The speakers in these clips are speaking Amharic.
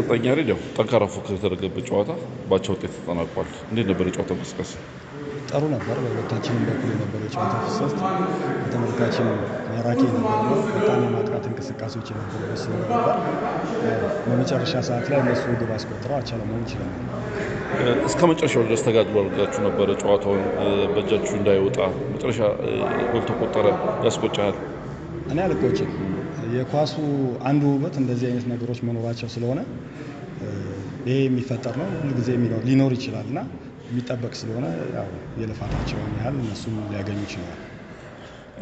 ሰጠኛ ሬድ ያው ጠንካራ ፉክክር የተደረገበት ጨዋታ ባቻ ውጤት ተጠናቋል። እንዴት ነበር የጨዋታ እንቅስቃሴ? ጥሩ ነበር። በሁለታችንም በኩል የነበረ የጨዋታ ፍሰት በተመልካችም ማራኪ የነበረ በጣም የማጥቃት እንቅስቃሴዎች የነበረበት ነበር። በመጨረሻ ሰዓት ላይ እነሱ ግብ አስቆጥረው አቻ ለመሆን ይችላል። እስከ መጨረሻው ድረስ ተጋድሎ አድርጋችሁ ነበረ። ጨዋታውን በእጃችሁ እንዳይወጣ መጨረሻ ጎል ተቆጠረ ያስቆጫል። እኔ አልቆጭም የኳሱ አንዱ ውበት እንደዚህ አይነት ነገሮች መኖራቸው ስለሆነ ይሄ የሚፈጠር ነው፣ ሁልጊዜ ጊዜ ሊኖር ይችላል እና የሚጠበቅ ስለሆነ ያው የልፋታቸውን ያህል እነሱም ሊያገኙ ይችላል።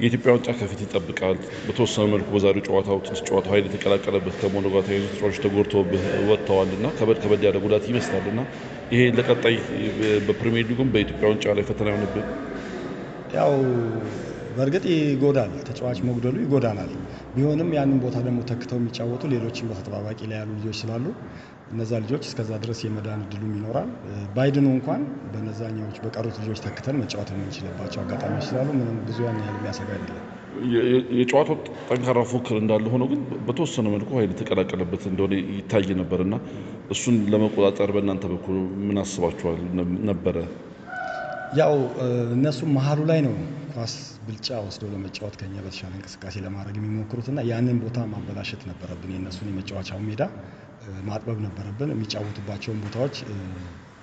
የኢትዮጵያ ዋንጫ ከፊት ይጠብቃል። በተወሰነ መልኩ በዛሬው ጨዋታው ውጥንስ ጨዋታ ኃይል የተቀላቀለበት ከመሆኑ ጋር ተያይዞ ተጫዋቾች ተጎድተውብህ ወጥተዋል እና ከበድ ከበድ ያለ ጉዳት ይመስላል እና ይሄ ለቀጣይ በፕሪሚየር ሊጉም በኢትዮጵያ ዋንጫ ላይ ፈተና ይሆንብህ ያው በእርግጥ ይጎዳል፣ ተጫዋች መጉደሉ ይጎዳናል። ቢሆንም ያንን ቦታ ደግሞ ተክተው የሚጫወቱ ሌሎችም በተጠባባቂ ላይ ያሉ ልጆች ስላሉ እነዛ ልጆች እስከዛ ድረስ የመዳን እድሉም ይኖራል። ባይድኑ እንኳን በነዛኛዎች በቀሩት ልጆች ተክተን መጫወት የምንችልባቸው አጋጣሚዎች ስላሉ ምንም ብዙ ያን ያህል የሚያሰጋ አይደለም። የጨዋታው ጠንካራ ፉክክር እንዳለ ሆኖ ግን በተወሰነ መልኩ ኃይል የተቀላቀለበት እንደሆነ ይታይ ነበር እና እሱን ለመቆጣጠር በእናንተ በኩል ምን አስባችኋል ነበረ? ያው እነሱ መሀሉ ላይ ነው ኳስ ብልጫ ወስደው ለመጫወት ከኛ በተሻለ እንቅስቃሴ ለማድረግ የሚሞክሩት ያንን ቦታ ማበላሸት ነበረብን። የእነሱን የመጫወቻው ሜዳ ማጥበብ ነበረብን። የሚጫወቱባቸውን ቦታዎች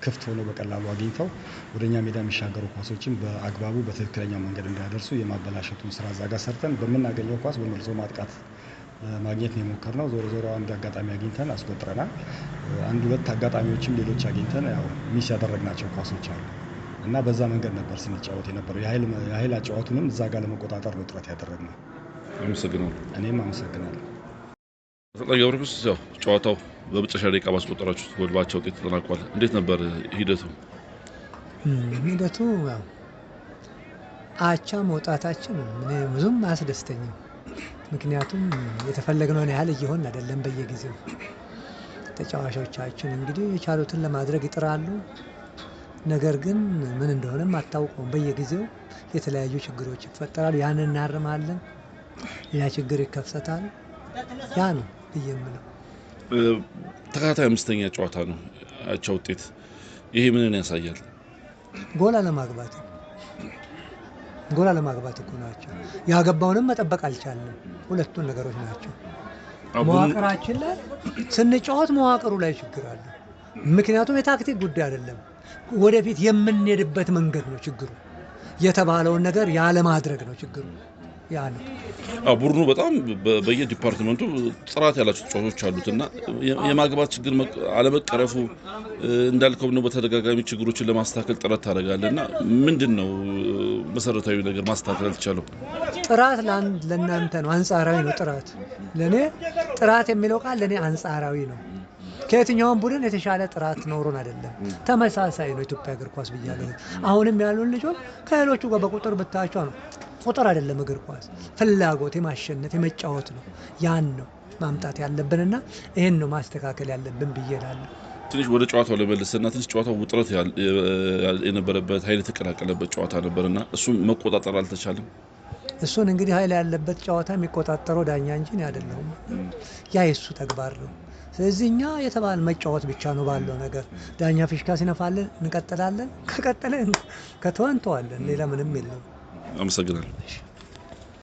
ክፍት ሆነው በቀላሉ አግኝተው ወደ እኛ ሜዳ የሚሻገሩ ኳሶችን በአግባቡ በትክክለኛው መንገድ እንዳያደርሱ የማበላሸቱን ስራ እዛ ጋር ሰርተን በምናገኘው ኳስ በመልሶ ማጥቃት ማግኘት ነው የሞከርነው። ዞሮ ዞሮ አንድ አጋጣሚ አግኝተን አስቆጥረናል። አንድ ሁለት አጋጣሚዎችም ሌሎች አግኝተን ያው ሚስ ያደረግናቸው ኳሶች አሉ እና በዛ መንገድ ነበር ስንጫወት የነበረው። የኃይል አጫዋቱንም እዛ ጋር ለመቆጣጠር ነው ጥረት ያደረግነው። አመሰግናለሁ። እኔም አመሰግናለሁ። አሰልጣኝ ገብረክስ ያው ጨዋታው በመጨረሻ ደቂቃ ባስቆጠራችሁ ጎል በአቻ ውጤት ተጠናቋል። እንዴት ነበር ሂደቱ? ሂደቱ አቻ መውጣታችን ብዙም አያስደስተኝም። ምክንያቱም የተፈለግነውን ያህል እየሆን አይደለም። በየጊዜው ተጫዋቾቻችን እንግዲህ የቻሉትን ለማድረግ ይጥራሉ። ነገር ግን ምን እንደሆነም አታውቀውም። በየጊዜው የተለያዩ ችግሮች ይፈጠራሉ። ያን እናርማለን፣ ሌላ ችግር ይከሰታል። ያ ነው ብዬ የምለው። ተከታታይ አምስተኛ ጨዋታ ነው አቻ ውጤት። ይሄ ምንን ያሳያል? ጎል አለማግባት ጎል አለማግባት እኮ ናቸው። ያገባውንም መጠበቅ አልቻለም። ሁለቱን ነገሮች ናቸው። መዋቅራችን ላይ ስንጫወት መዋቅሩ ላይ ችግር አለ። ምክንያቱም የታክቲክ ጉዳይ አይደለም። ወደፊት የምንሄድበት መንገድ ነው ችግሩ። የተባለውን ነገር ያለማድረግ ነው ችግሩ። ያ ነው ቡድኑ በጣም በየዲፓርትመንቱ ጥራት ያላቸው ተጫዋቾች አሉት እና የማግባት ችግር አለመቀረፉ እንዳልከው ነው። በተደጋጋሚ ችግሮችን ለማስተካከል ጥረት ታደርጋለህ እና ምንድን ነው መሰረታዊ ነገር ማስተካከል አልተቻለም? ጥራት ለእናንተ ነው፣ አንጻራዊ ነው። ጥራት ለእኔ ጥራት የሚለው ቃል ለእኔ አንጻራዊ ነው። ከየትኛውም ቡድን የተሻለ ጥራት ኖሮን አይደለም፣ ተመሳሳይ ነው ኢትዮጵያ እግር ኳስ ብያለሁ። አሁንም ያሉን ልጆች ከሌሎቹ ጋር በቁጥር ብታቸው ነው። ቁጥር አይደለም እግር ኳስ፣ ፍላጎት የማሸነፍ የመጫወት ነው። ያን ነው ማምጣት ያለብንና ይህን ነው ማስተካከል ያለብን ብዬ ትንሽ ወደ ጨዋታው ልመልስና ትንሽ ጨዋታው ውጥረት የነበረበት ኃይል የተቀላቀለበት ጨዋታ ነበርና እሱም መቆጣጠር አልተቻለም። እሱን እንግዲህ ኃይል ያለበት ጨዋታ የሚቆጣጠረው ዳኛ እንጂ አይደለሁም። ያ የሱ ተግባር ነው። ስለዚህ እኛ የተባለ መጫወት ብቻ ነው ባለው ነገር። ዳኛ ፊሽካ ሲነፋልን እንቀጥላለን፣ ከቀጠለ ከተወንተዋለን። ሌላ ምንም የለም። አመሰግናለሁ።